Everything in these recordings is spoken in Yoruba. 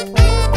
you.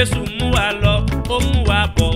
jésù mú wa lọ ó mú wa bọ̀.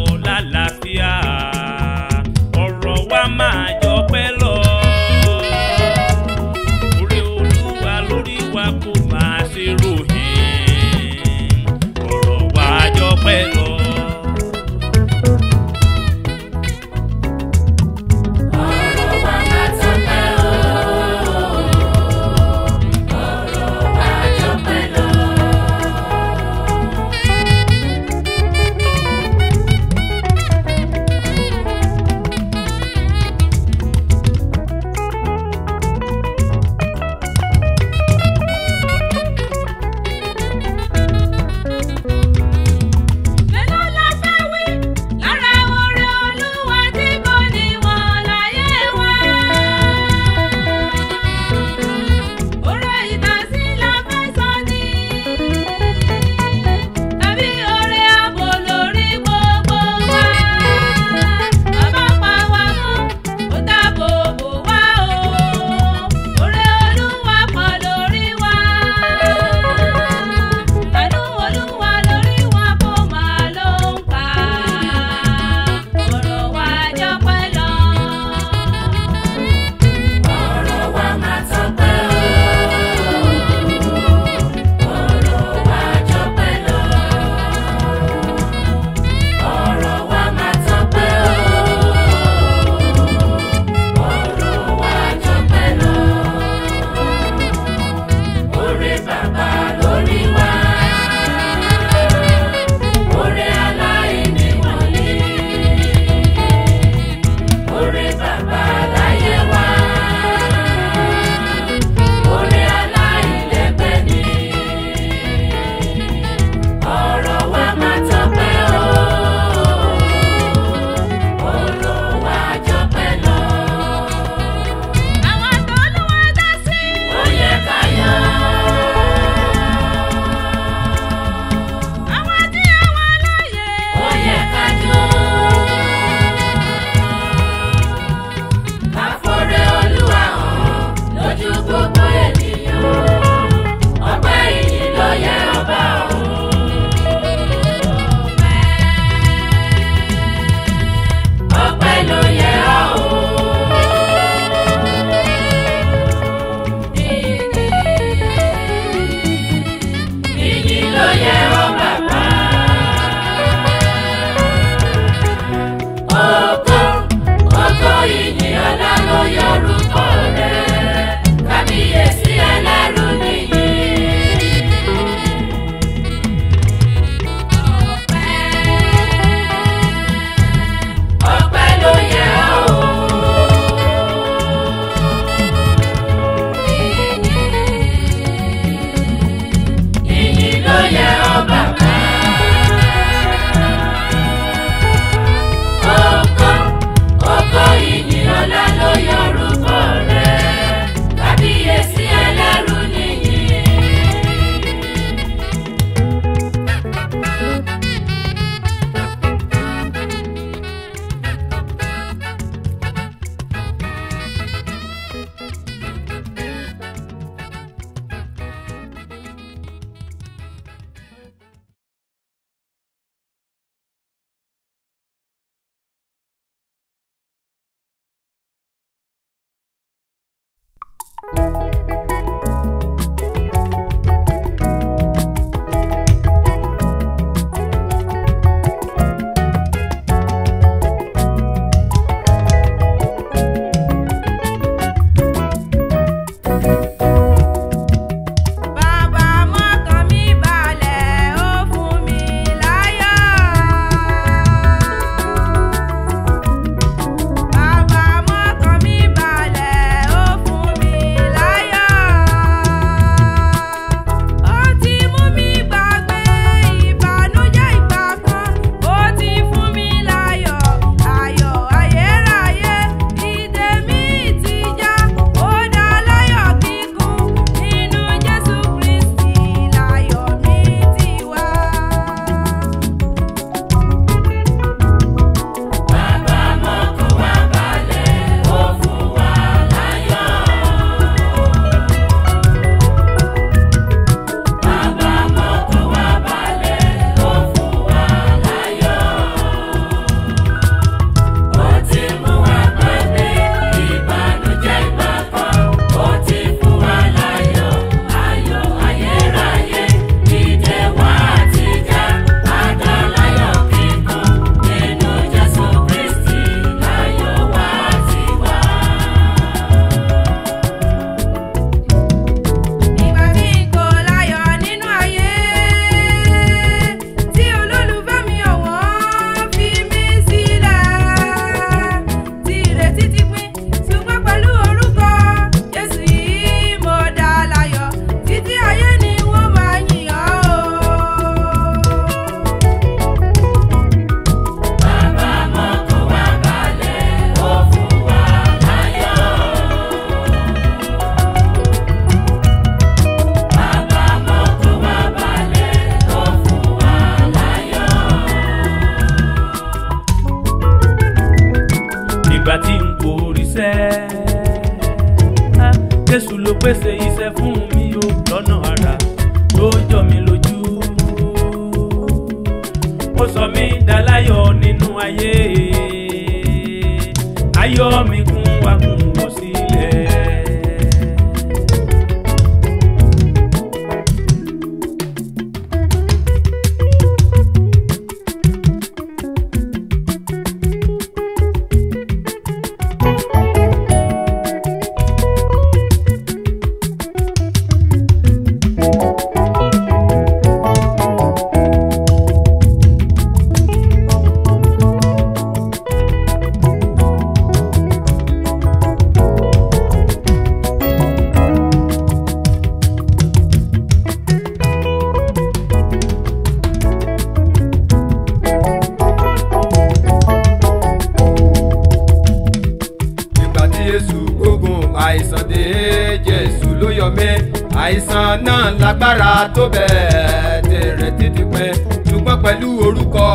agbára tó bẹ́ẹ̀ tèrè títí pẹ́ ṣùgbọ́n pẹ̀lú orúkọ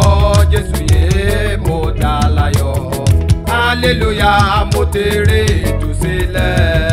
Jésù yé mo dá láyọ̀ hallelujah mo tèrè ìtúsílẹ̀.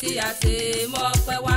tí a ṣe mọ́ pẹ́ wá.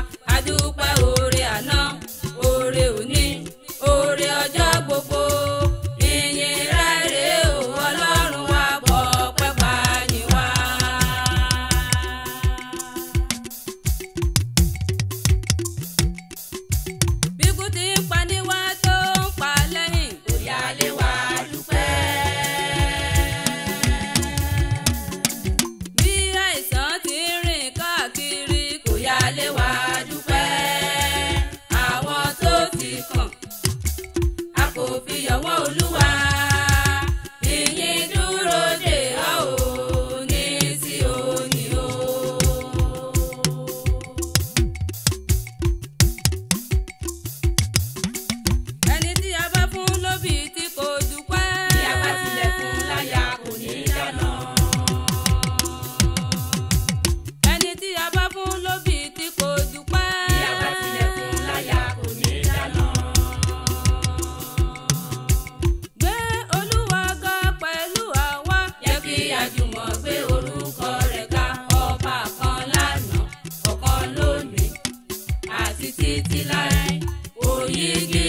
títí láì Oyèdé.